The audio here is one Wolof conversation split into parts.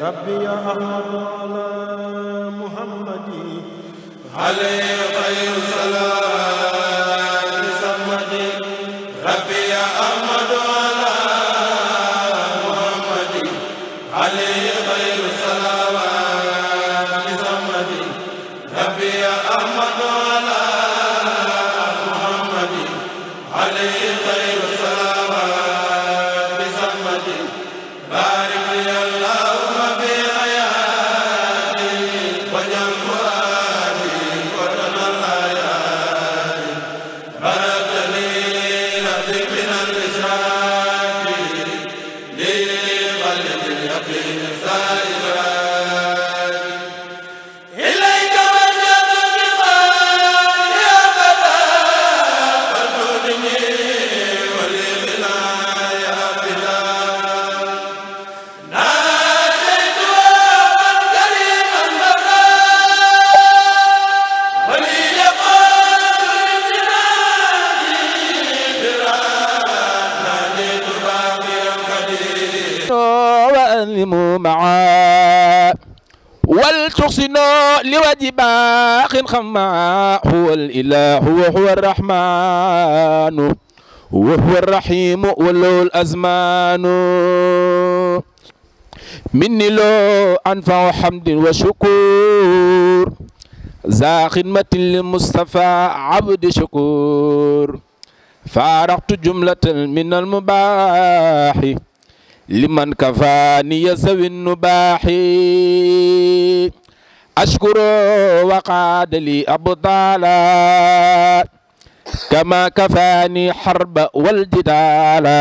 rabbi ya ahmadu ala muhammadi alayhi xayru salaam وألموا معا والتحسنوا لوجه باق خما هو الإله وهو الرحمن وهو الرحيم وله الأزمان مني لو أنفع حمد وشكور ذا خدمة للمصطفى عبد شكور فارقت جملة من المباح liman kafaani yasawin nubaaxi ashkuro waqaadali abdaala kama kafaani xarba waljidaala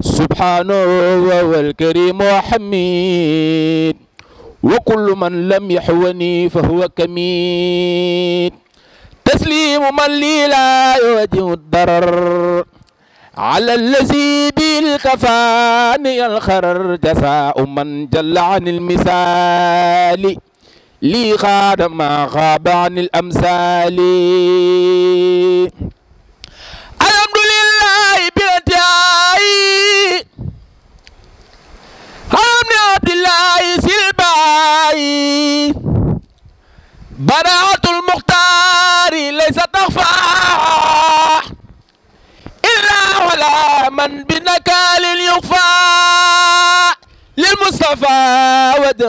subhaanahu wa wal kariim wa xamiid wa kullu man lam yaxwani fa huwa kamiid tasliimu man lii laa yuwajihu darar على الذي بالكفاني الخر جزاء من جل عن المثال لي خاد ما غاب عن الأمثال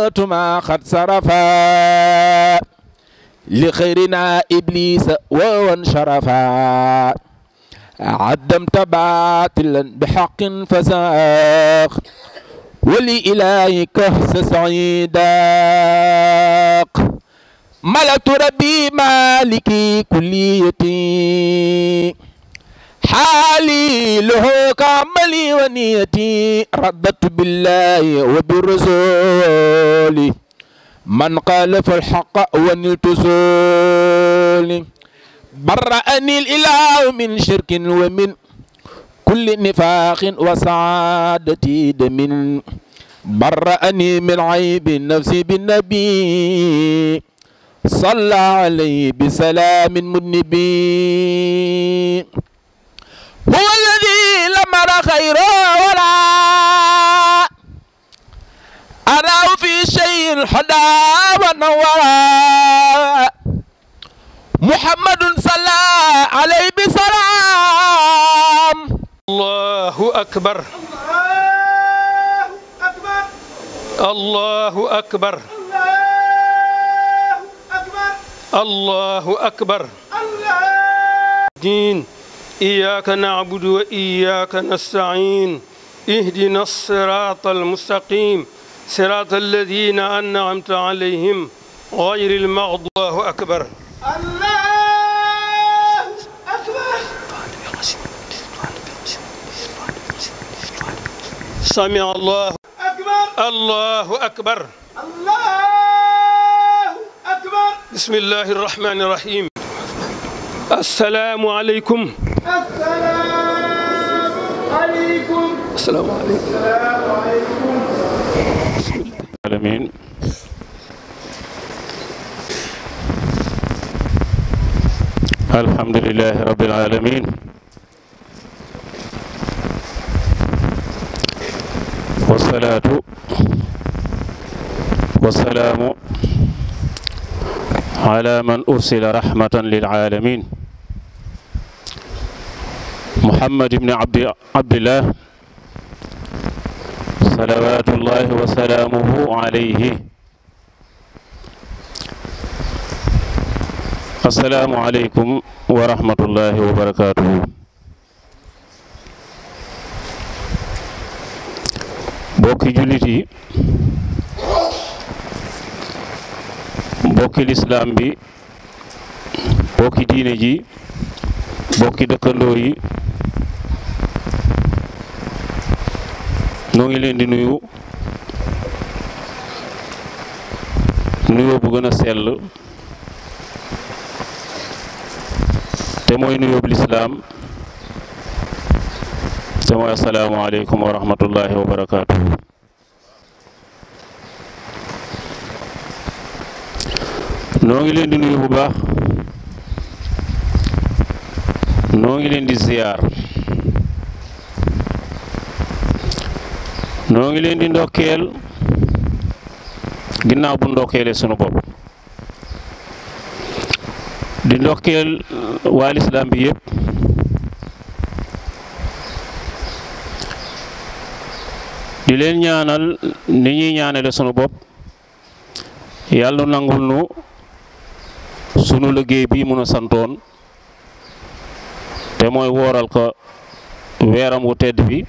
ندرة ما قد صرفا لخيرنا إبليس وانشرفا عدمت باطلا بحق فساق ولإلهك سعيداق ملأت ربي مالكي كليتي حالي له كعملي ونيتي رددت بالله وبالرسول من قال فالحق ونلت سولي برأني الإله من شرك ومن كل نفاق وسعادتي دم برأني من عيب نفسي بالنبي صلى عليه بسلام منبي هو الذي لمر خيره ولا أراه في شيء حدا ونورا محمد صلى عليه بسلام الله أكبر الله أكبر الله أكبر الله أكبر دين إياك نعبد وإياك نستعين اهدنا الصراط المستقيم صراط الذين أنعمت عليهم غير المغضوب الله أكبر الله أكبر سمع الله أكبر الله أكبر الله أكبر بسم الله الرحمن الرحيم السلام عليكم asalaamaaleykum. asalaamaaleykum. alamin alhamdulilahi rabbil alamin wasalaatu wasalaamu ala man ursila rahmatan lil alamin محمد بن عبد عبد الله صلوات الله وسلامه عليه السلام عليكم ورحمة الله وبركاته بوكي جلتي bokki lislaam bi bokki diine ji bokki dëkkandoo yi ñoo ngi leen di nuyu nuyoo bu gën a sell te mooy nuyoo bu lislaam te mooy asalaamaaleykum wa rahmatullahi wa barakaatu. noo ngi leen di nuyu bu baax noo ngi leen di ziyaar. noo ngi leen di ndokkeel ginnaaw bu ndokkeelee sunu bopp di ndokkeel uh, waa lislaam bi yëpp di leen ñaanal ni ñuy ñaanale sunu bopp yàlla nangul nu sunu liggéey bii mun a santoon te mooy wooral ko weeram wu tedd bi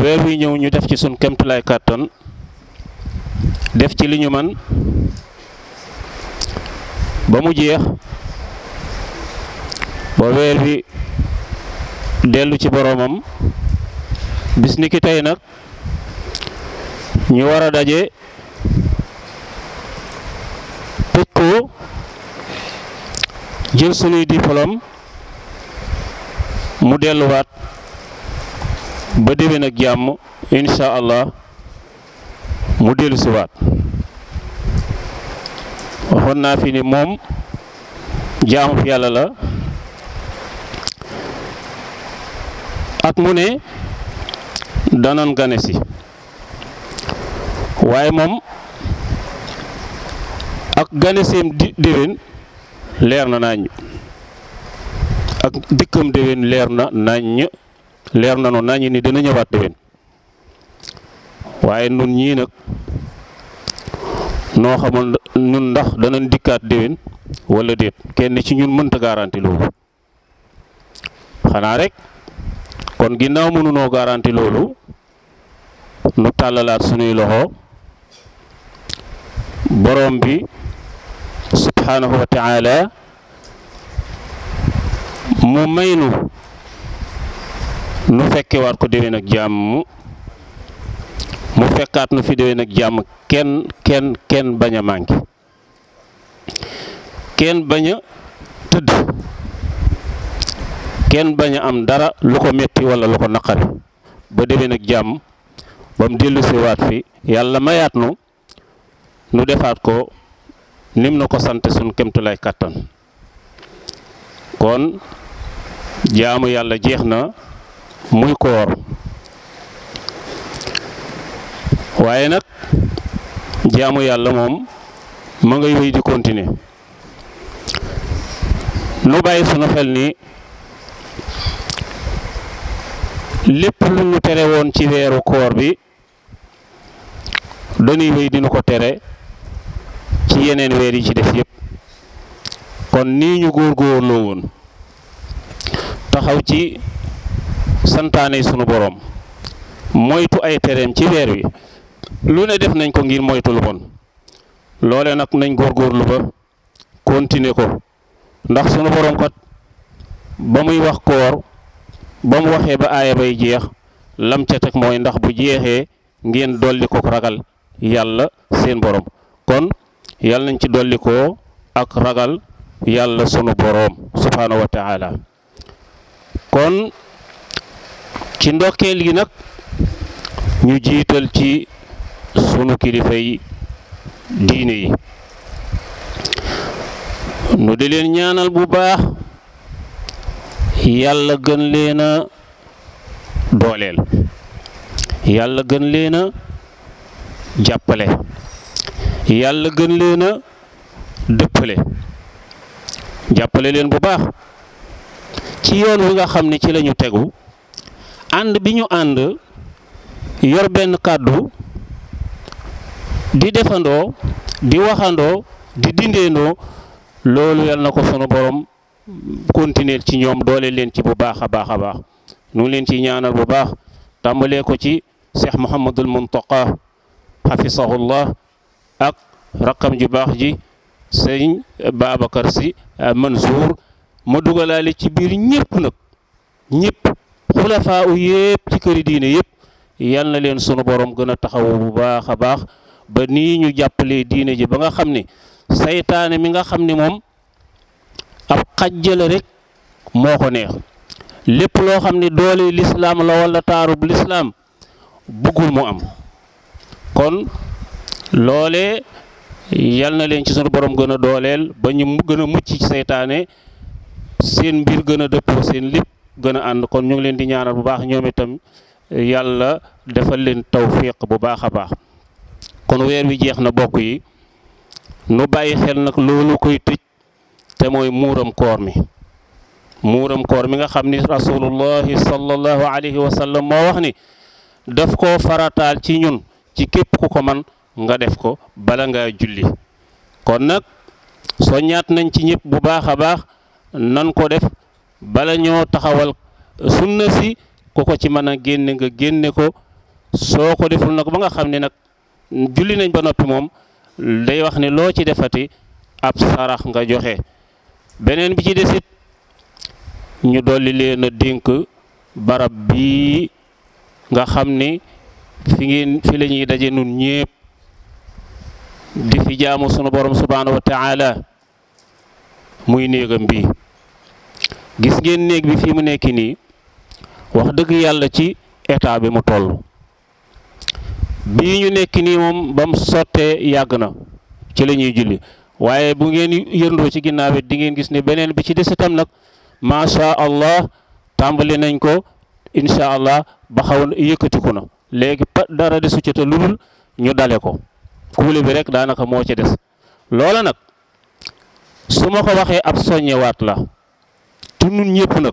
weer wi ñëw ñu def ci suñ kemtulaay kàttan def ci li ñu man ba mu jeex ba weer wi dellu ci boroomam bisniki ni tey nag ñu war a daje tëj ko jël sunuy diplôme mu delluwaat ba déwén ak jàmm incha allah mu dellu siwaat waxoon naa fi ni moom jaamu yàlla la at mu ne danoon gane si waaye moom ak gane di déwén leer na naññ ak dikkam déwén leer na naññ leer na noonu nañu ni dana ñëwaat déwén waaye nun ñii nag noo xamul ñun ndax dana dikkaat déwén walla déet kenn ci ñun mënta garanti loolu xanaa rek kon ginnaaw mënunoo garanti loolu nu tàllalaat sunuy loxo borom bi subhaanahu wa taala mu nu fekke ko déwén ak jàmm mu fekkaat na fi déwén ak jàmm kenn kenn kenn bañ a manqué kenn baña a tëdd kenn bañ a am dara lu ko metti wala lu ko naqari ba déwén ak jàmm ba mu dellusi waat fi yàlla mayaat nu nu defaat ko nim na ko sant suñ kemtulay kàttan kon jaamu yàlla jeex na muy koor waaye nag jaamu yàlla moom ma ngay wéy di continuer nu bàyyi sunu xel ni lépp lu ñu tere woon ci weeru koor bi dañuy wéy dinu ko tere ci yeneen weer yi ci def yépp kon nii ñu góorgóorloo woon taxaw ci santaane sunu boroom moytu ay tereem ci weer wi lu ne def nañ ko ngir moytu bon loole nag nañ góorgóorlu ba continuer ko ndax sunu boroom kat ba muy wax koor ba mu waxee ba aaya bay jeex lam ca teg mooy ndax bu jeexee ngeen dolli ko ragal yàlla seen boroom kon yàlla nañ ci dollikoo ak ragal yàlla sunu boroom subhaanahu wa kon ci ndokkeel gi nag ñu jiital ci sunu kilifay diine yi nu di leen ñaanal bu baax yàlla gën leen a dooleel yàlla gën leen a jàppale yàlla gën leen a dëppale jàppale leen bu baax ci yoon wi nga xam ne ci lañu tegu ànd bi ñu ànd yor benn kàddu di defandoo di waxandoo di dindeendoo loolu yal na ko sunu borom continuer ci ñoom doole leen ci bu baax a baax a baax nu leen ci ñaanal bu baax tàmbalee ko ci Cheikh Mouhamadul Muntaqa xafisahullah ak rakam ju baax ji sëñ Babacar Sy Mansour ma dugalaale ci biir ñëpp nag ñépp xulafaa u yëpp ci këri diine yëpp yal na leen sunu boroom gën a taxawu bu baax a baax ba nii ñu jàppalee diine ji ba nga xam ni saytaane mi nga xam ni moom ab xajjale rek moo ko neex lépp loo xam ne doole lislaam la wala taarub lislaam bëggul mu am kon loole yal na leen ci sunu borom gën a dooleel ba ñu gën a mucc ci saytaane seen mbir gën a dëppoo seen lépp gën a ànd kon ñu ngi leen di ñaanal bu baax ñoom itam yàlla defal leen tawfiq bu baax a baax kon weer wi jeex na bokk yi nu bàyyi xel nag loolu koy tëj te mooy muuram koor mi muuram koor mi nga xam ni rasulullahi sallallahu alayhi wa sallam moo wax ni daf koo farataal ci ñun ci képp ku ko man nga def ko bala nga julli kon nag soññaat nañ ci ñëpp bu baax a baax nan ko def bala ñoo taxawal sunna si ku ko ci mën a génne nga génne ko soo ko deful nag ba nga xam ne nag julli nañ ba noppi moom day wax ni loo ci defati ab sarax nga joxe beneen bi ci desit ñu dolli leen a dénk barab bii nga xam ni fi ngeen fi la ñuy daje nun ñépp di fi jaamu sunu borom subhaanahu wa taala muy néegam bii gis ngeen néeg bi fii mu nekk nii wax dëgg yàlla ci état bi mu toll bii ñu nekk nii moom ba sottee yàgg na ci la ñuy julli waaye bu ngeen yërndoo ci ginnaaw it di ngeen gis ne beneen bi ci des itam nag macha allah tàmbali nañ ko incha allah ba xaw yëkkatiku na léegi pa dara desu ci te ludul ñu dale ko kuule bi rek daanaka moo ci des loola nag su ma ko waxee ab soññewaat la pour ñun ñëpp nag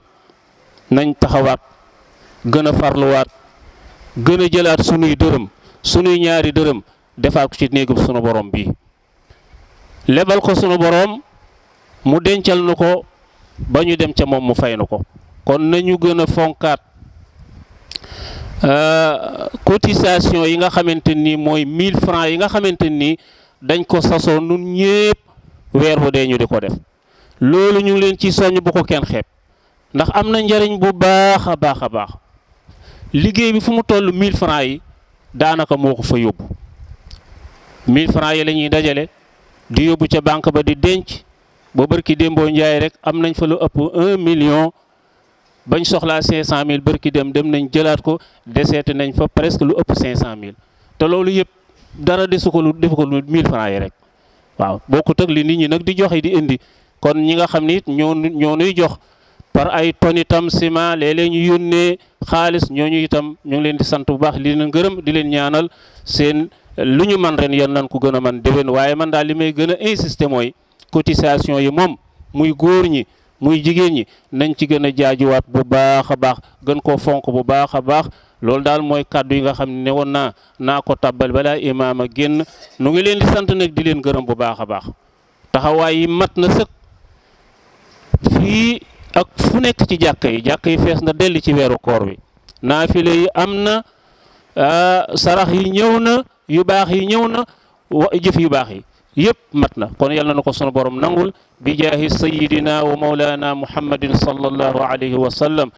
nañ taxawaat gën a farluwaat gën a jëlaat sunuy dërëm sunuy ñaari dërëm defaat ci néegub sunu borom bi lebal ko sunu borom mu dencal nu ko ba ñu dem ca moom mu fay nu ko kon nañu gën a fonkaat euh, cotisation yi nga xamante ni mooy mille francs yi nga xamante ni dañ ko sasoo nun ñëpp weer bu dee ñu di ko def loolu ñu ngi leen ci soññ bu ko kenn xeeb ndax am na njariñ bu baax a baax a baax liggéey bi fu mu toll mille francs yi daanaka moo ko fa yóbbu 1000 francs yi la ñuy dajale di yóbbu ca banque ba di denc ba bërki démboo njaay rek am nañ fa lu ëpp 1 million bañ soxlaa mille bërki dem dem nañ jëlaat ko deseete nañ fa presque lu ëpp 500000 te loolu yëpp dara desu ko lu defu ko lu 1000 francs yi rek waaw bokkut ak li nit ñi nag di joxe di indi. kon ñi nga xam ni ñoo ñoo nuy jox par ay ton itam ciment léeg-léeg ñu yónnee xaalis ñoo ñu itam ñu ngi leen di sant bu baax li leen gërëm di leen ñaanal seen lu ñu man ren yan nan ko gën a man déwén waaye man daal li may gën a insister mooy cotisation yi moom muy góor ñi muy jigéen ñi nañ ci gën a jaajuwaat bu baax a baax gën koo fonk bu baax a baax loolu daal mooy kàddu yi nga xam ne woon naa naa ko tabbal balaa imaam a génn nu ngi leen di sant nag di leen gërëm bu baax a baax fii ak fu nekk ci jàkka yi jàkka yi fees na delli ci weeru koor wi naafile yi am na sarax yi ñëw na yu baax yi ñëw na jëf yu baax yi yëpp mat na kon yal na na ko sunu borom nangul bi jaahi sayidina wa mawlana muhammadin sallallahu alayhi wa sallam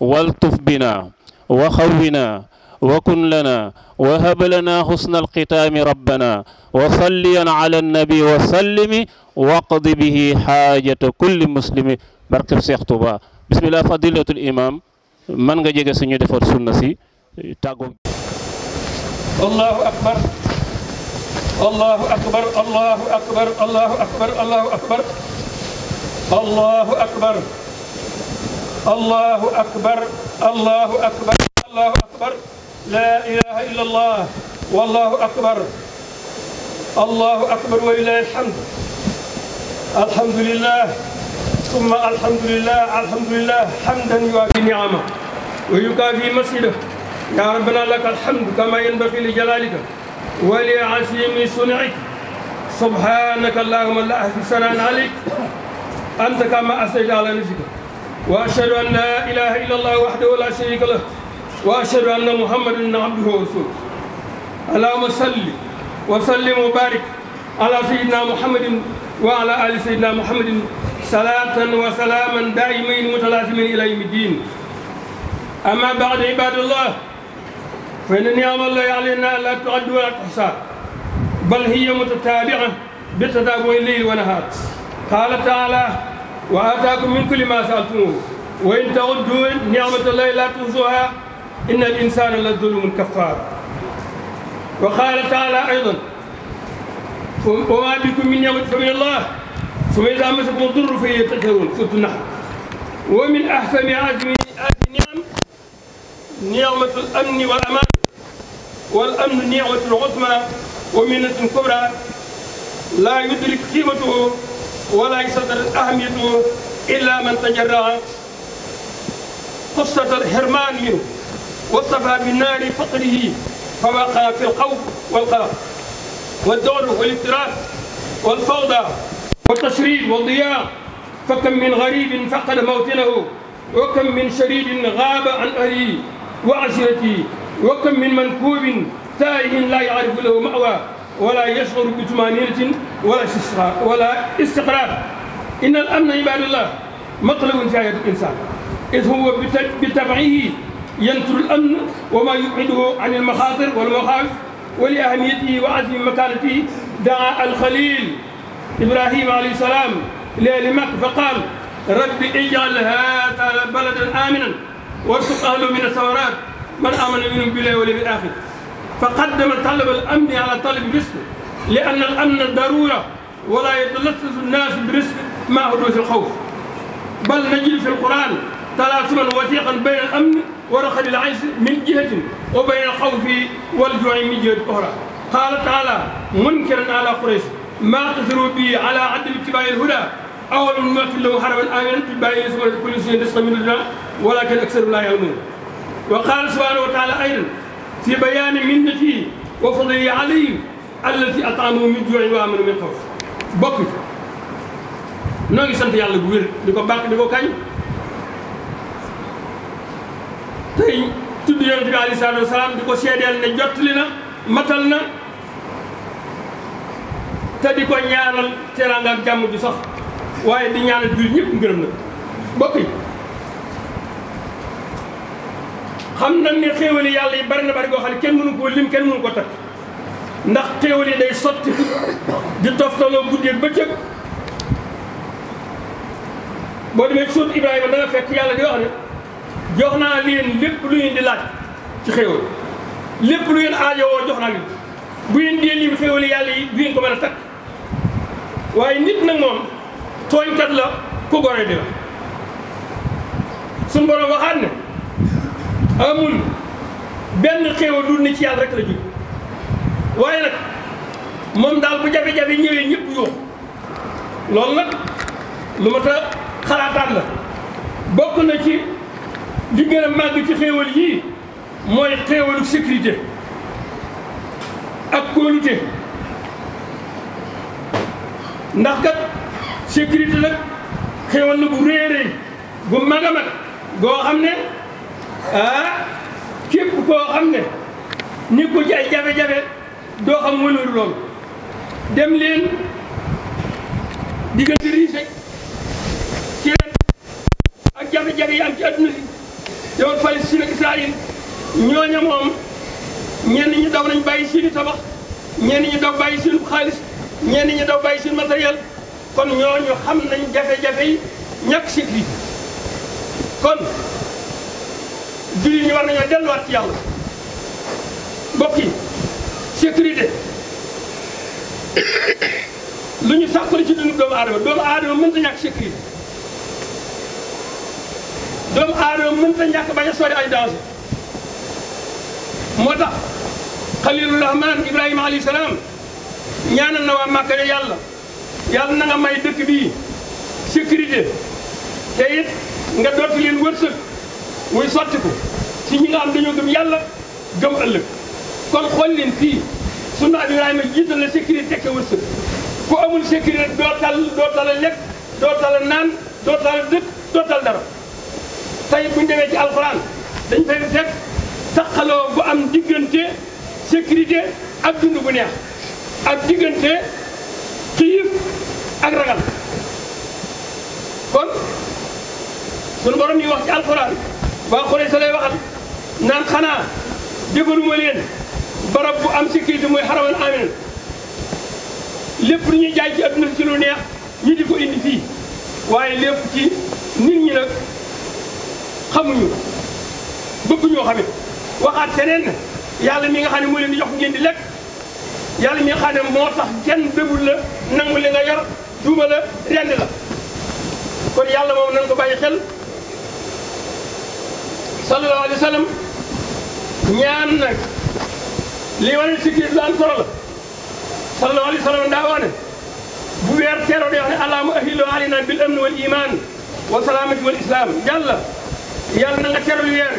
waltuf bina wa xawwina وكن لنا وهب لنا حسن الختام ربنا وصليا على النبي وسلم واقض به حاجة كل مسلم barkeb Seex Tuuba bismillah fadilatul imam man nga jege suñu defar sunna si tàggoo allahu akbar allahu akbar allahu akbar allahu akbar allahu akbar allahu akbar allahu akbar allahu akbar allahu akbar لا إله إلا الله والله أكبر الله أكبر ولله الحمد الحمد لله ثم الحمد لله الحمد لله حمدا يوافي نعمه ويكافي مسجده يا ربنا لك الحمد كما ينبغي لجلالك ولعظيم صنعك سبحانك اللهم لا أهدي ثناء عليك أنت كما أثنيت على نفسك وأشهد أن لا إله إلا الله وحده لا شريك له وأشهد أن محمدا عبده ورسوله اللهم صل وسلم وبارك على سيدنا محمد وعلى آل سيدنا محمد صلاة وسلاما دائمين متلازمين إلى يوم الدين أما بعد عباد الله فإن نعم الله علينا لا تعد ولا تحصى بل هي متتابعة بتتابع الليل ونهار قال تعالى وآتاكم من كل ما سألتموه وإن تعدوا نعمة الله لا تحصوها إن الإنسان لظلوم كفار وقال تعالى أيضا وما بكم من نعمة فمن الله فإذا مسكم الضر فهي تذكرون سورة النحل ومن أحسن عزم النعم نعمة الأمن والأمان والأمن نعمة العظمى ومنة كبرى لا يدرك قيمته ولا يصدر أهميته إلا من تجرع قصة الحرمان منه واصطفى بنار فقره فوقع في الخوف والقلق والذعر والاضطراب والفوضى والتشريد والضياع فكم من غريب فقد موطنه وكم من شريد غاب عن أهله وعشيرته وكم من منكوب تائه لا يعرف له مأوى ولا يشعر بطمأنينة ولا ولا استقرار إن الأمن عباد الله مطلب في حياة الإنسان إذ هو بتبعه ينتر الأمن وما يبعده عن المخاطر والمخاوف ولأهميته وعزم مكانته دعا الخليل إبراهيم عليه السلام لمك فقال رب اجعل هذا بلدا آمنا وارزق أهله من الثمرات من آمن منهم بالله واليوم الآخر فقدم طلب الأمن على طلب الرزق لأن الأمن ضرورة ولا يتلفظ الناس برزق ما هو الخوف بل نجد في القرآن talaasuman wasiqan bayna al amni wa raxadi al aysi min jihatin wa bayna al xawfi wal juuci min jihatin uxra qaala taala munkiran ala quraysh maa tasiru bi ala adami ittibaai al huda awal numakin lahum haraman aminan tujbaa subula kulli shay'in rizqan min ladunna walakin aksaruhum laa ya'lamuun wa qaala subhaanahu wa taala aydan fi bayaani minnatihi wa fadlihi alayhim allati at'amahum min juu'in wa aamanahum min xawf bokk noo ngi sant yàlla bu wér di ko bàkk di ko kañ tey tudd yonent bi aleyhi salaatu di ko seedeel ne jottali na matal na te di ko ñaanal teraanga ak jàmm ju sax waaye di ñaanal jullit ñëpp ngërëm na bokk xam nañ ni xéewali yàlla yi bari na bari goo xam ne kenn mënu koo lim kenn mënu ko takk ndax xéewal yi day sotti di toftaloo guddi ak bëccëg boo demee suut Ibrahima da fekk yàlla di wax ne jox naa leen lépp lu ngeen di laaj ci xéewal lépp lu ngeen aajowoo jox naa leen bu ngeen dee lim xéewal yàlla yi bu ngeen ko mën a waaye nit nag moom tooñkat la ku gore di la suñu borom waxaat ne amul benn xéewal lu ne ci yàlla rek la jóg waaye nag moom daal bu jafe-jafe ñëwee ñëpp yuux loolu nag lu ma ta xalaataan la bokk na ci li gën a màgg ci xéewal yii mooy xéewalu sécurité ak kóolute ndax kat sécurité nag xéewal na bu réeréy bu mag a mag goo xam ne ah képp koo xam ne ni ko ci ay jafe-jafe doo xam wënaru loolu dem leen diggante riise ci ak jafe-jafe yi am ci adduna si yow Palestine ak Israël ñooña moom ñenn ñu daw nañ bàyyi seen tabax ñenn ñu daw bàyyi seen xaalis ñenn ñu daw bàyyi seen matériel kon ñooñu xam nañ jafe-jafe yi ñàkk sécurité kon jullit ñi war nañoo delluwaat ci yàlla mbokk yi sécurité lu ñu sàqali ci dundu doomu aadama doomu aadama mënta ñàkk sécurité doomu aadama mënut a ñàkk bañ a sori ay danger moo tax xalilu rahman ibrahima alayhi salaam ñaanal na waa Màkka yàlla yàlla na nga may dëkk bii sécurité te it nga dootu leen wërsëg muy sotti ko ci ñi nga xam dañoo gëm yàlla gëm ëllëg kon xool leen fii sunna Ibrahima jiital la sécurité teg wërsëg ku amul sécurité doo tal lekk doo naan doo dëkk doo dara tey bu ñu demee ci alxuraan dañ fay fekk taqaloo bu am diggante sécurité ak dund bu neex ak diggante xiif ak ragal kon sunu borom yi wax ci alxuraan waa xuree sa lay naan xanaa défaruma leen barab bu am sécurité mooy xaraman amin lépp lu ñuy jaay ci adduna si ci lu neex ñi di ko indi fii waaye lépp ci nit ñi nag xamuñu bëgguñoo xamit waxaat feneen yàlla mi nga xam ne moo leen di jox ngeen di lekk yàlla mi nga xam moo tax kenn dëggul la nangu li nga yor la rend la kon yàlla moom nañ ko bàyyi xel sallallahu alayhi wa sallam ñaan nag li wane si kii laan solo la sallallahu alayhi wa sallam daa wax ne bu weer teeroo day wax ne allahumma ahillu alayna bil amn wal iman wa salaamati wal islam yàlla yàlla na nga teru weer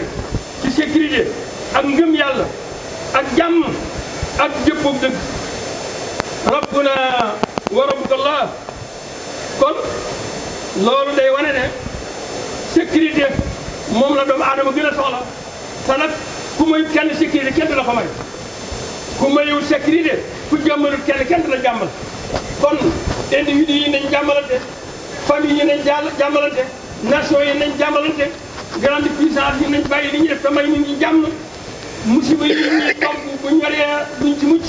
ci sécurité ak ngëm yàlla ak jàmm ak jëppoog dëgg rabbuna wa rabbukallah kon loolu day wane ne sécurité moom na doomu aadama gën a soxla te nag ku may kenn sécurité kenn du la ko may ku mayul sécurité ku jàmmalul kenn kenn du la jàmmal kon individu yi nañ jàmmalante famille yi nañ jàmmalante nation yi nañ jàmmalante grande puissance yi nañ bàyyi li ñuy def damay nit ñi jàmm musiba yi ñuy topp bu ñoree duñ ci mucc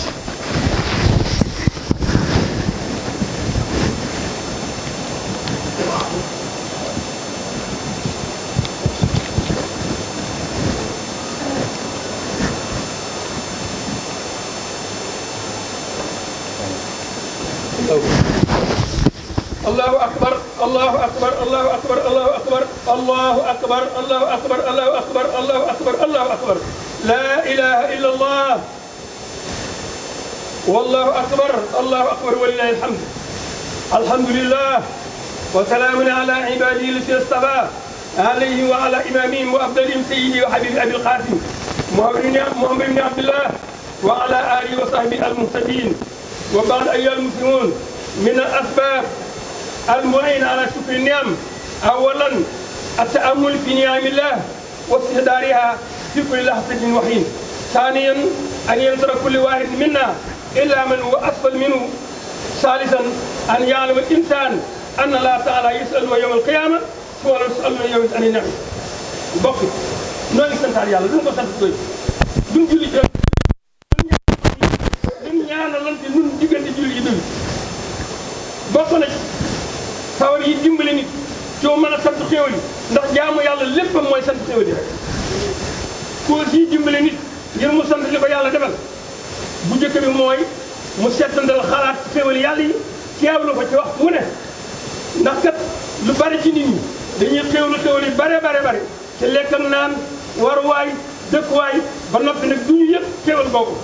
allahu akbar allahu akbar allahu akbar allahu akbar allahu akbar allahu akbar allahu akbar allahu akbar allahu akbar laa ilaha illa allah wallahu akbar allahu akbar walilahi alhamd alhamdulillah wa salaamun ala ibadihi llaziina stafaa alayhim wa ala imaamihim wa afdalihim sayyidi wa habibi abil qaasim muhammad ibni abdillah wa ala alihi wa sahbihi almuhtadiin wa ba'd ayyuha almuslimuun min al asbaab المعين على شكر النعم أولا التأمل في نعم الله واستهدارها في كل لحظة وحين ثانيا أن ينظر كل واحد منا إلا من هو أسفل منه ثالثا أن يعلم الإنسان أن الله تعالى يسأله يوم القيامة ولا يسأله يوم أن ينعم bokk noonu santaat yàlla duñ ko sant doy duñ julli jot duñ ñaanalante nun diggante julli yi doy bokk na sawar yi dimbali nit coo mën a sant xéwal yi ndax jaamu yàlla léppam mooy sant xéwal yi rek cause yi dimbali nit ngir mu sant li ko yàlla defal bu njëkk bi mooy mu settandal xalaat xéwal yàlla yi teewlu ko ci wax mu ne ndax kat lu bari ci nit ñi dañuy xéwlu xéwal yi bare bare bare te lekk ak naan waruwaay dëkkuwaay ba noppi nag du ñu yëpp xéwal boobu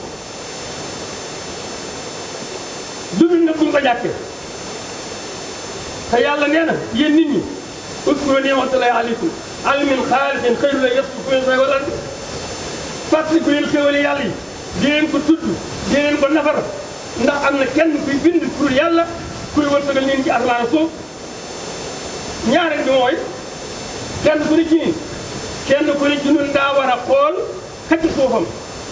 dund nag bu ñu ko jàkkee te yàlla nee na yéen nit ñi uskuru ni'mata llaahi aleykum alimin xaalisin xëyru la yëpp ku leen wala fàttaliku leen xéwale yàlla yi di leen ko tudd di ko nafar ndax am na kenn kuy bind pour yàlla kuy wërsëgal leen ci asamaan suuf ñaareel bi mooy kenn ku ne kenn ku ne ci nun daa war a xool xëcc suufam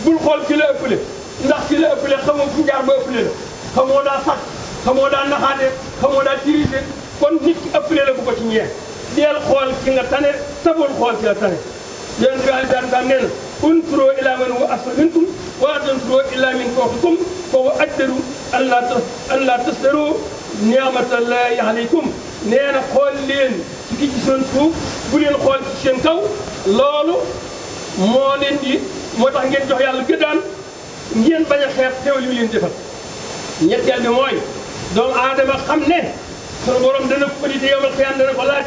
bul xool ki la ëppale ndax ki la ëppale xamoo fu jaar ba ëppale la xamoo daa sàcc xamoo daa naxaate xamoo daa tirise kon nit ki ëppale la bu ko ci ñeex deel xool ki nga tane tabul xool ki nga tane yéen bi ali daan daan nee na unzuru ilaa man huwa asfalu minkum wa laa tanzuru ilaa min fawqikum fa huwa ajdaru an tasdaru ni'matallaahi aleykum nee xool leen ci ki ci seen suuf bu leen xool ci seen kaw loolu moo leen di moo tax ngeen jox yàlla gëddaan ngeen bañ a xeeb teew li mu leen defal ñetteel mooy doomu aadama xam ne sunu borom dana ko bëri te yomal xiyam dana ko laaj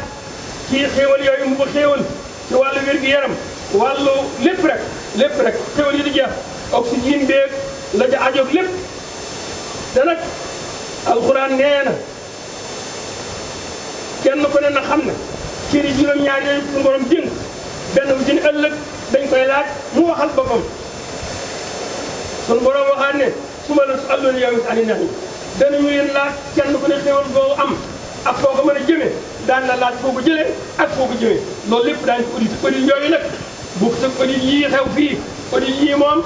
ci yooyu mu ko xéewal ci wàllu wér-gu-yaram wàllu lépp rek lépp rek xéewal yi di jeex oxygène beeg la ca ajoog lépp te nag alxuraan nee na kenn ko ne na xam ne cëri juróom-ñaar yooyu sunu borom benn bu jën ëllëg dañ koy laaj mu waxal boppam sunu borom waxaat ne su su àlloon yow it ani nax danañu leen laaj kenn ku ne xéwal am a foo ko mën a jëmee daan la laaj foo ko jëlee ak foo ko jëmee loolu lépp daañu ko audit audit yooyu nag bu ko sa audit yii xew fii audit yii moom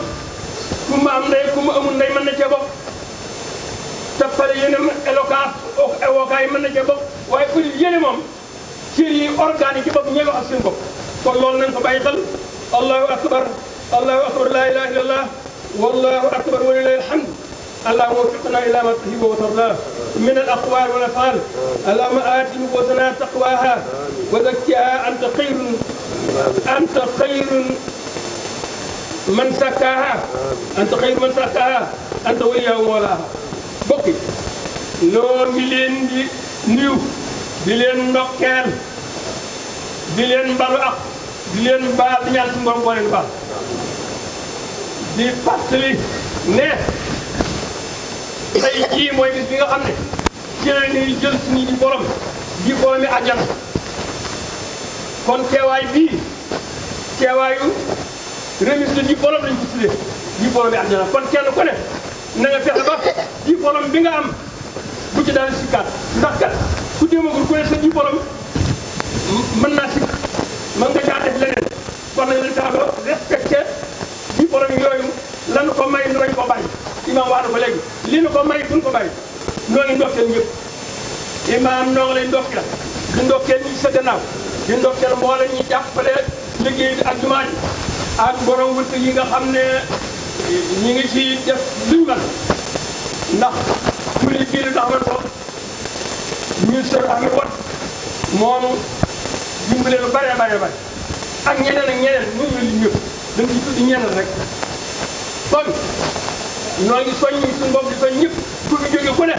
ku mu am ndey ku mu amul mën na cee bokk te pare yeneen éloquence yi mën na cee bokk waaye audit yële moom cër yi organes yi ci bopp ñooy wax ak seen bopp kon loolu ko bàyyi xel allahu akbar allahu akbar la ilaha illallah wallahu akbar wa lillahi اللهم وفقنا الى ما تحب وترضاه من الاقوال والافعال اللهم ات نبوتنا تقواها وزكها انت خير انت خير من سكاها انت خير من سكاها انت وليها ومولاها bokki noonu ngi leen di nuyu di leen ndokkeel di leen mbalu ak di leen baal di ñaan suñu borom boo leen baal di fàttali ne tey jii mooy bis bi nga xam ne ci la ñuy jël suñu di borom di boromi àjjana kon teewaay bii teewaayu remise la di borom lañ ko tuddee di boromi àjjana kon kenn ku ne na nga fexe ba di borom bi nga am bu ci daal sikkaat ndax kat ku démagul ku ne sa di borom mën naa sikk mën nga caa def leneen kon nañ leen fexe ba respecté di borom yooyu lan ko may nooy ko bàyyi imaam wax na ko léegi li nu ko may bu ñu ko may noo ngi ndokkeel ñëpp imaam noo ngi lay ndokkeel di ndokkeel ñi sa gannaaw di ndokkeel mboolem ñi jàppale liggéey bi ak jumaa ji ak borom wërsëg yi nga xam ne ñi ngi ci def luñ man ndax julli bii lu taxawal ko ministre ak wat moomu dimbale lu bare bare bare ak ñeneen ak ñeneen mënuñu li ñëpp dañ ci tuddi ñeneen rek kon noo ngi soññ suñu bopp di soñ ñëpp ku fi jóge ku ne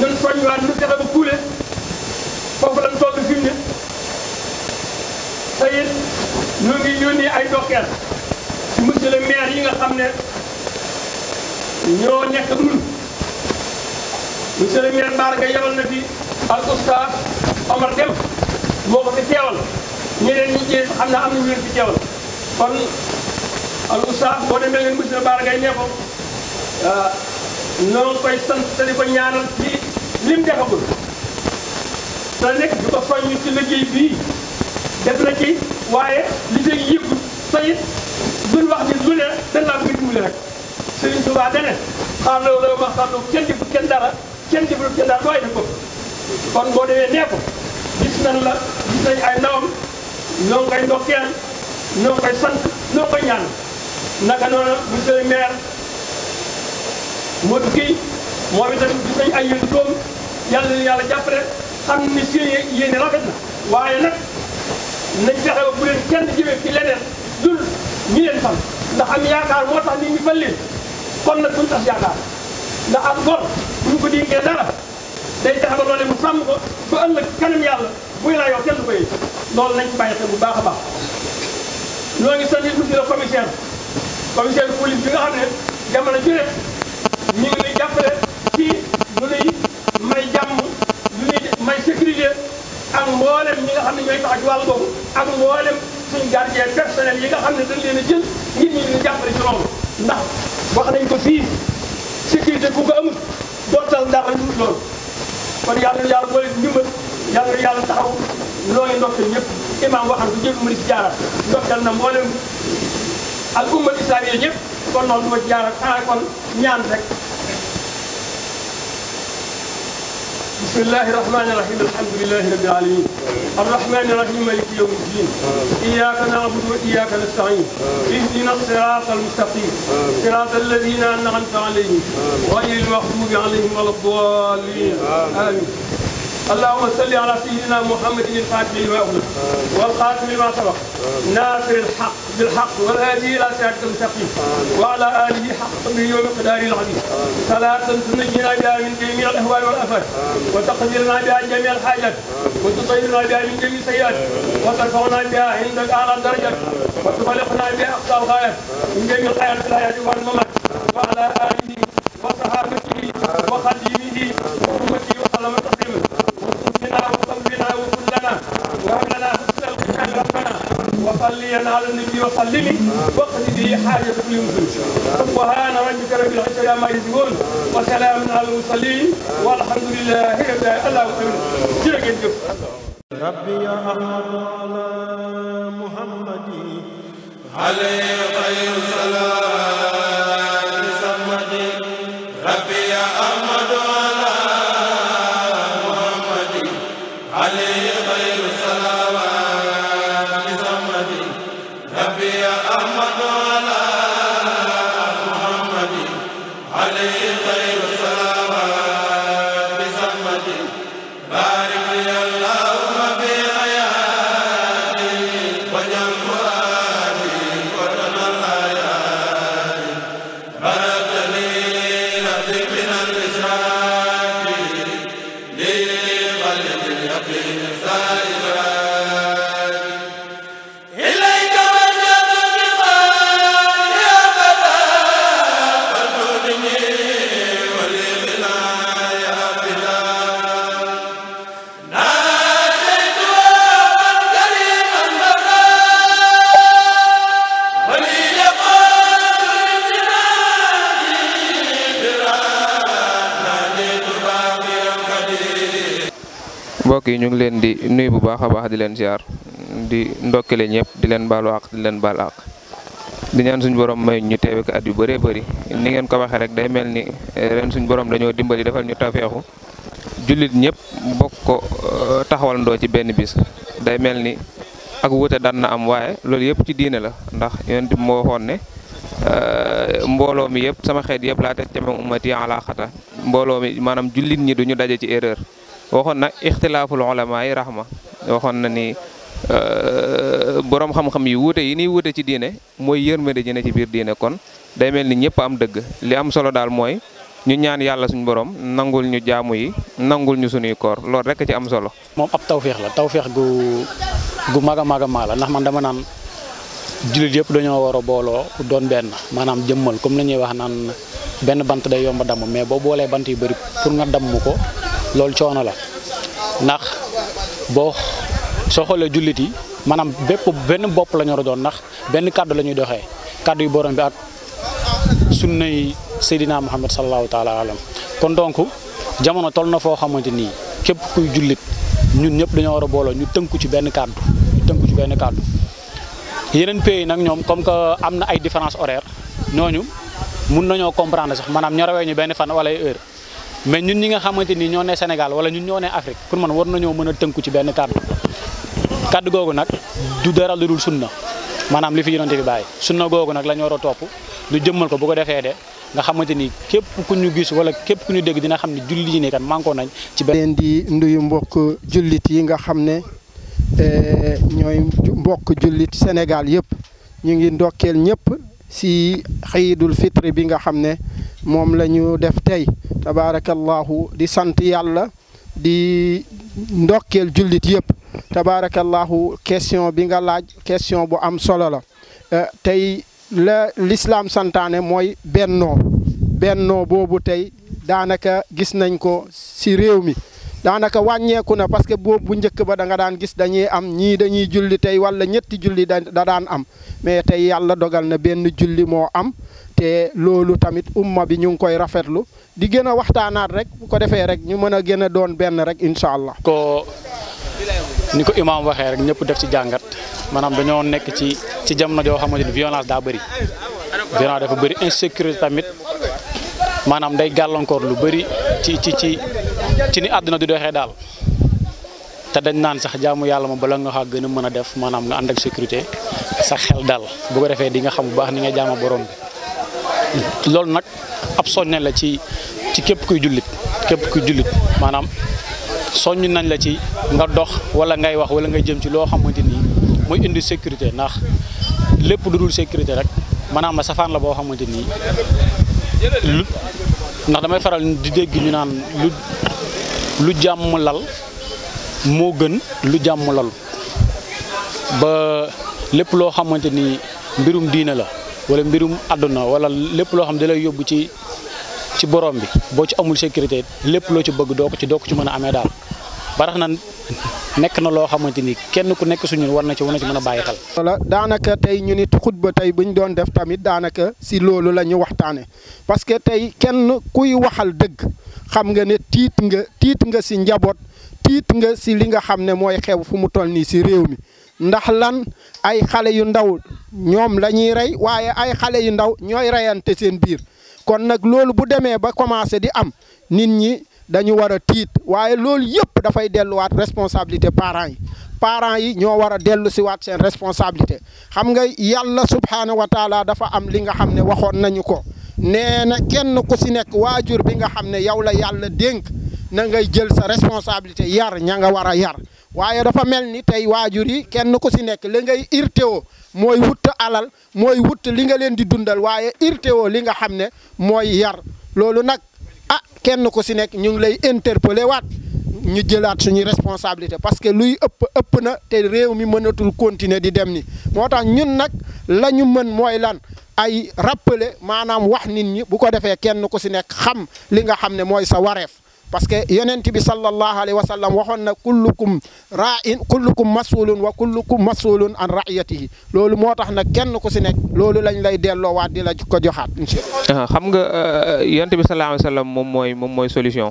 ñun soññuwaat ñu fexe ba kuule foofu lañ toog fi mu ne te it ñu ngi yónnee ay dokkeel ci monsieur le maire yi nga xam ne ñoo nekk ak ñun na fi ak oustaz Omar Dem moo ko fi teewal ñeneen ñi ci xam naa am na ñu leen teewal kon al oustaz boo demee ngeen monsieur le ngay ne ñoo euh, ngi koy sant te di ko ñaanal ci lim defagul te nekk di ko soññ ci liggéey bii def na ci waaye liggéey fekk yëpp sayit duñ wax ni lu ne danaa koy dimbali rek Serigne Touba dene xaar loolu la ma xaar loolu kenn dara kenn deful waaye def ko kon boo demee nee ko gis nañ la gis ay ndawam ñoo ngi koy ndokkeel ñoo ngi koy sant ñoo koy ñaan naka noonu monsieur le maire Modou Guèye moo itam gis nañ ay yëngu doom yàlla na yàlla jàppale xam ni seen yéene na waaye nag nañ fexe ba bu leen kenn jëmee ci leneen dul ñi leen fal ndax am yaakaar moo tax nit ñi fal kon nag buñ am yaakaar ndax am gor buñ ko dénkee dara day tax ba loolee mu sàmm ko ba ëllëg kanam yàlla buy laa yow kenn du ko yëg loolu nañ bàyyi xel bu baax a baax ñoo ngi sant monsieur le commissaire commissaire police bi nga xam ne jamono ju ñu ngi lay jàppale ci lu lay may jàmm lu lay may sécurité ak mboolem ñi nga xam ne ñooy tax ci wàllu boobu ak mboolem suñu gardien personnel yi nga xam ne dañ leen a jël nit ñi ñu jàppale ci loolu ndax wax nañ ko fii sécurité ku ko amul dootal ndax lu dul loolu kon yàlla na yàlla boole ndimbal yàlla na yàlla taxaw loolee ndokkeel ñëpp imaam waxal bu jël mu di na mboolem al umma islamiya ñëpp kon noonu ma jaar ak xanaa kon ñaan rek bismillahi rahmani rahim alhamdulilahi rabbil alamin arrahmani rahim maliki yawmi ddin iyyaka na'budu wa iyyaka nasta'in ihdina sirata almustaqim sirata alladhina an'amta alayhim ghayril maghdubi alayhim waladdallin amin اللهم صل على سيدنا محمد الفاتح لما أغلق والخاتم لما سبق ناصر الحق بالحق والهادي إلى صراطك المستقيم وعلى آله حق قدره ومقداره العظيم صلاة تنجينا بها من جميع الأهوال والآفات وتقدرنا بها جميع الحاجات وتطهرنا بها من جميع السيئات وترفعنا بها عندك أعلى الدرجات وتبلغنا بها أقصى الغايات من جميع الحياة في الحياة والممات وعلى allah kulli jërë ngeen jëf yi ñu ngi leen di nuy bu baax baax di leen ziar di ndokkale ñëpp di leen baalu àq di leen baal àq di ñaan suñu borom may ñu teewe ko at yu bëree bari ni ngeen ko waxee rek day mel ni eh, ren suñu borom dañoo dimbali defal ñu tafeexu jullit ñëpp bokk ko eh, taxawalandoo ci benn bis day mel ni ak wuute daan na am waaye loolu yëpp ci diine la ndax yonent bi moo waxoon ne eh, mbooloo mi yëpp sama xeet yëpp laa teg ca moom ummati ala xata mbooloo maanaam jullit ñi duñu waxoon na ixtilaaful ulama yi rahma waxoon na ni euh, borom xam-xam yi wuute yi ni wuute ci diine mooy yërmande ji ne ci biir diine kon day mel ni ñëpp am dëgg li am solo daal mooy ñu ñaan yàlla suñu boroom nangul ñu jaamu yi nangul ñu suñuy koor loolu rek ci am solo. moom ab tawféex la tawféex gu gu mag a mag a maa la ndax man dama naan jullit yëpp dañoo war a booloo doon benn maanaam jëmmal comme la ñuy wax naan benn bant day yomb a damm mais boo boolee bant yu bëri pour nga damm ko. loolu coono la ndax boo soo xoolee jullit yi maanaam bépp benn bopp la ñu doon ndax benn kàddu la ñuy doxee kàddu yu borom bi ak sunna yi Seydina Muhammad sallallahu taala kon donc jamono toll na foo xamante nii képp kuy jullit ñun ñëpp dañoo war a booloo ñu tënku ci benn kàddu ñu tënku ci benn kàddu yeneen pays nag ñoom comme que am na ay différence horaire ñooñu mun nañoo comprendre sax maanaam ñorawee ñu benn fan wala heure mais ñun ñi nga xamante ni ñoo ne Sénégal wala ñun ñoo ne Afrique pour man war nañoo mën a tënku ci benn kàddu kàddu googu nag du dara lu dul sunna maanaam li fi yonante bi bàyyi nag la war topp ñu jëmmal ko bu ko defee de nga xamante ni képp ku ñu gis wala képp ñu dégg dina xam ne jullit yi ne kat mànkoo nañ ci benn leen nduyu mbokk jullit yi nga xam ne eh, ñooy mbokk jullit Sénégal yëpp ñu ngi ndokkeel ñëpp si xëyidul fitre bi nga xam ne moom la ñu def tey tabaarakallahu di sant yàlla di ndokkeel jullit yëpp tabaarakallahu question bi nga laaj question bu am solo la eh, tey la lislaam santaane mooy bennoo bennoo boobu tey daanaka gis nañ ko si réew mi daanaka wàññeeku na parce que boobu bu njëkk ba danga daan gis dañuy am ñii dañuy julli tey wala ñetti julli da daan am mais tey yàlla dogal na benn julli moo am te loolu tamit umma bi ñu ngi koy rafetlu di gën a waxtaanaat rek bu ko defee rek ñu mën a gën a doon benn rek incha allah. ko ni ko imam waxee rek ñëpp def ci jàngat maanaam dañoo nekk ci ci jamono joo xamante ni violence daa bëri violence dafa bëri insécurité tamit maanaam day gàllankoor lu bëri ci ci ci ci ni àdduna di doxee daal. te dañ naan sax jaamu yàlla ma bala nga xaa gën a mën a def maanaam nga ànd ak sécurité sa xel dal bu ko defee di nga xam bu baax ni nga jaama borom bi loolu nag ab soññe la ci ci képp kuy jullit képp kuy jullit maanaam soññ nañ la ci nga dox wala ngay wax wala ngay jëm ci loo xamante nii muy indi sécurité ndax lépp lu dul sécurité rek maanaam safaan la boo xamante nii lu ndax damay faral di dégg ñu naan lu lu jàmm lal moo gën lu jàmm lalu ba lépp loo xamante ni mbirum diine la. wala mbirum àdduna wala lépp loo xam da lay yóbbu ci ci borom bi boo ci amul sécurité lépp loo ci bëgg doo ko ci doo ko ci mën a amee daal ba na nekk na loo xamante ni kenn ku nekk suñu war na ci war na ci mën a bàyyi xel. wala daanaka tey ñu nit xutba tey bu doon def tamit daanaka si loolu la ñu waxtaane parce que tey kenn kuy waxal dëgg xam nga ne tiit nga tiit nga si njaboot tiit nga si li nga xam ne mooy xew fu mu toll nii si réew mi. ndax lan ay xale yu ndaw ñoom la ñuy rey waaye ay xale yu ndaw ñooy reyante seen biir kon nag loolu bu demee ba commencé di am nit ñi dañu war a tiit waaye loolu yëpp dafay delluwaat responsabilité parents yi parents yi ñoo war a dellu si waat seen responsabilité xam nga yàlla subhaana wa taala dafa am li nga xam ne waxoon nañu ko nee na kenn ku si nekk waajur bi nga xam ne yow la yàlla dénk na ngay jël sa responsabilité yar ña nga war a yar waaye dafa mel ni tey waajur yi kenn ku si nekk li ngay woo mooy wut alal mooy wut li nga leen di dundal waaye woo li nga xam ne mooy yar loolu nag ah kenn ku si nekk ñu ngi lay interpellé waat ñu jëlaat suñuy responsabilité parce que luy ëpp ëpp na te réew mi mënatul continuer di dem ni moo tax ñun nag lañu mën mooy lan ay rappeler maanaam wax nit ñi bu ko defee kenn ku si nekk xam li nga xam ne mooy sa wareef parce que yonent bi sallallahu alayhi wa sallam waxoon na kullukum raa'in kullukum masulun wa kullukum masulun an ra'iyatihi loolu moo tax nag kenn ku si nekk loolu lañ lay delloowaat di la ko joxaat incha allah ah, xam nga euh, yonent bi sallallahu moom mooy moom mooy solution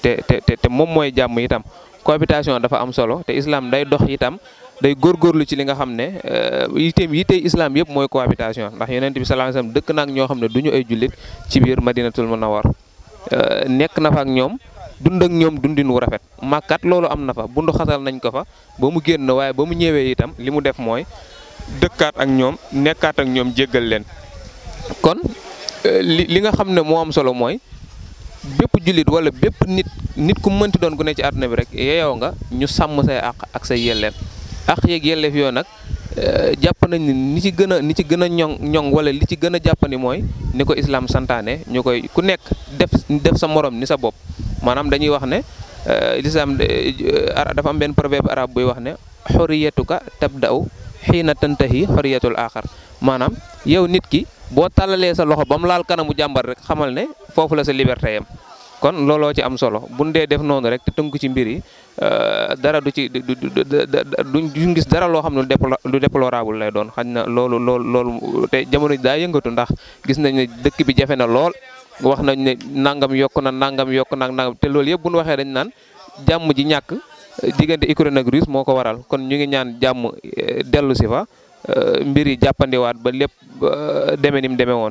te te te moom mooy jàmm itam cohabitation dafa am solo te islam day dox itam day góorgóorlu ci li nga xam ne euh, yiteem yitey islam yëpp mooy cohabitation ndax yonent bi sallallahu alayhi wa sallam dëkk na ak ñoo xam ne du ñu ay jullit ci biir madinatul munawwar Euh, nekk na fa ak ñoom dund ak ñoom dundin wu rafet màkkat loolu am na fa bundu xasal nañ ko fa ba mu génn waaye ba mu ñëwee itam li mu def mooy dëkkaat ak ñoom nekkaat ak ñoom jéggal leen kon euh, li li nga xam ne moo am solo mooy bépp jullit wala bépp nit nit ku mënti doon gu ne ci àdduna bi rek yeeyow nga ñu sàmm say àq ak say yelleef àq yeeg yelleef yoo nag Euh, jàpp nañ ni ci gën a ni ci gën a ñoŋ ñoŋ wala li ci gën a jàppandi mooy ni ko islaam santaane ñu koy ku nekk def def sa morom ni sa bopp maanaam dañuy wax ne euh, lislaam euh, dafa am benn proverbe arabe buy wax ne xoriyatuka tabda'u xiina tantahi xoriyatul aaxar maanaam yow nit ki boo tàllalee sa loxo ba mu laal kanamu jàmbar rek xamal ne foofu la sa liberté yam kon looloo ci am solo buñ dee def noonu rek te tënku ci mbir yi euh, dara du ci du duñ gis dara loo xam ne lu déplorable lay doon xañ na loolu loolu loolu te jamono ji daa yëngatu ndax gis nañ ne dëkk bi jafe na lool wax nañ ne nangam yokk na nangam yokk na nangam te loolu yëpp bu nu waxee dañ naan jàmm ji ñàkk diggante Ukraine ak Russie moo ko waral kon ñu ngi ñaan jàmm euh, dellu si fa euh, mbir yi jàppandiwaat ba lépp deme ni mu demee woon.